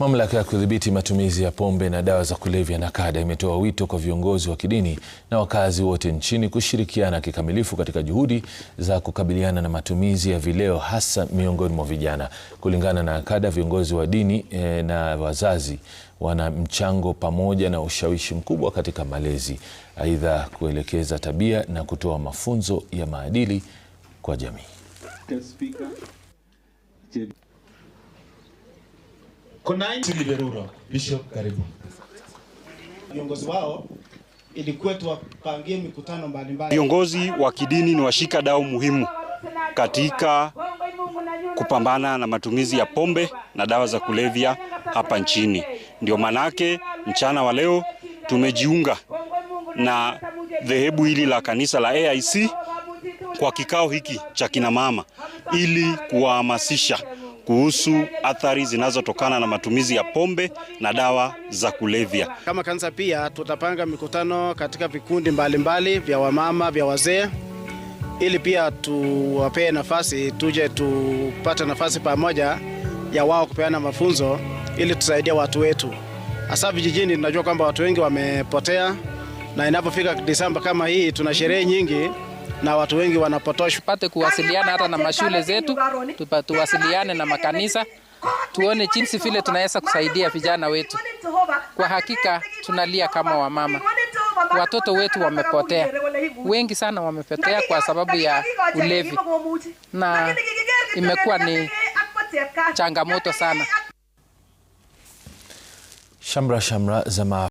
Mamlaka ya kudhibiti matumizi ya pombe na dawa za kulevya NACADA imetoa wito kwa viongozi wa kidini na wakazi wote nchini kushirikiana kikamilifu katika juhudi za kukabiliana na matumizi ya vileo hasa miongoni mwa vijana. Kulingana na NACADA, viongozi wa dini e, na wazazi wana mchango pamoja na ushawishi mkubwa katika malezi. Aidha, kuelekeza tabia na kutoa mafunzo ya maadili kwa jamii. Liberuro, Bishop karibu. Viongozi wao ilikuwa tuwapangie mikutano mbalimbali. Viongozi wa kidini ni washika dau muhimu katika kupambana na matumizi ya pombe na dawa za kulevya hapa nchini. Ndio manake mchana wa leo tumejiunga na dhehebu hili la kanisa la AIC kwa kikao hiki cha kinamama ili kuwahamasisha kuhusu athari zinazotokana na matumizi ya pombe na dawa za kulevya. Kama kanisa pia tutapanga mikutano katika vikundi mbalimbali vya wamama, vya wazee ili pia tuwapee nafasi, tuje tupate nafasi pamoja ya wao kupeana mafunzo ili tusaidia watu wetu, hasa vijijini. Tunajua kwamba watu wengi wamepotea, na inapofika Desemba kama hii tuna sherehe nyingi na watu wengi wanapotoshwa. Tupate kuwasiliana hata na mashule zetu, tuwasiliane na makanisa, tuone jinsi vile tunaweza kusaidia vijana wetu. Kwa hakika tunalia kama wamama, watoto wetu wamepotea wengi sana, wamepotea kwa sababu ya ulevi, na imekuwa ni changamoto sana. Shamra shamra za